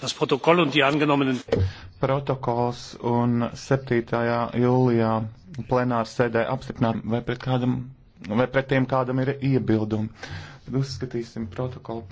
Das Protokoll und die angenommenen. Protokols un 7. jūlijā plenāra sēdē apstiprināt, vai pret, kādam, vai pret tiem kādam ir iebildumi. Tad uzskatīsim protokolu par.